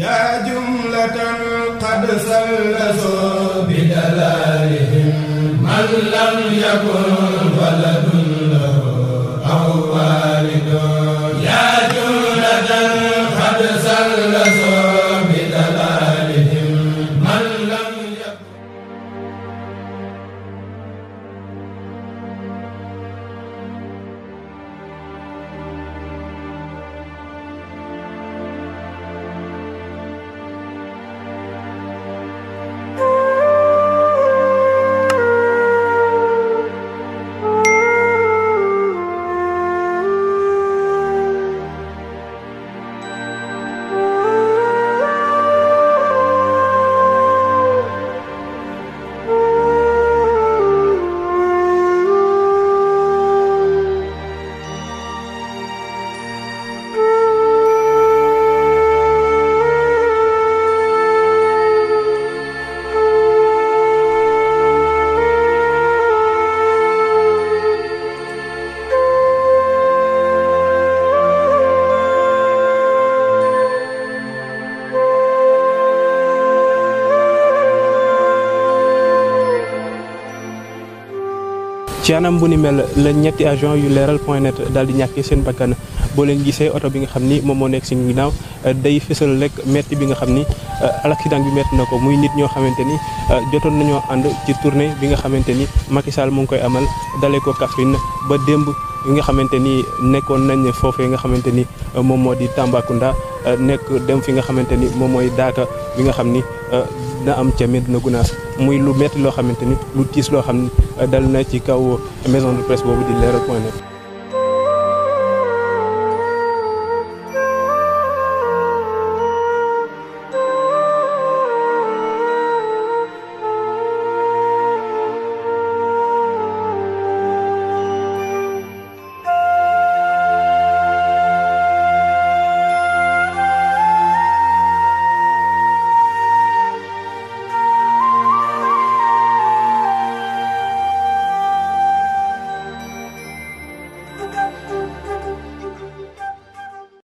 yaa jumlatan qad sallasoo bi dalalihim man lam yakun waladun ci anam bu ni mel la ñetti agent yu leeral point net daal di ñàkkee seen bakkan boo leen gisee oto bi nga xam ni moom moo nekk si ginnaaw day fësal rek metti bi nga xam ni l'accident euh, bi metti na ko muy nit ñoo xamante ni euh, jotoon nañoo ànd ci tournée bi nga xamante ni Macky Sall mu ngi koy amal dalee ko Kaffrine ba démb yi nga xamante ni nekkoon nañ foofee nga xamante ni moom moo di Tambacounda euh, nekk dem fi nga xamante ni moom mooy daata bi nga xam ni na am ca Médina Gounass muy lu metti loo xamante ni lu tiis loo xam ne dal na ci kaw maison de presse boobu di Leral point net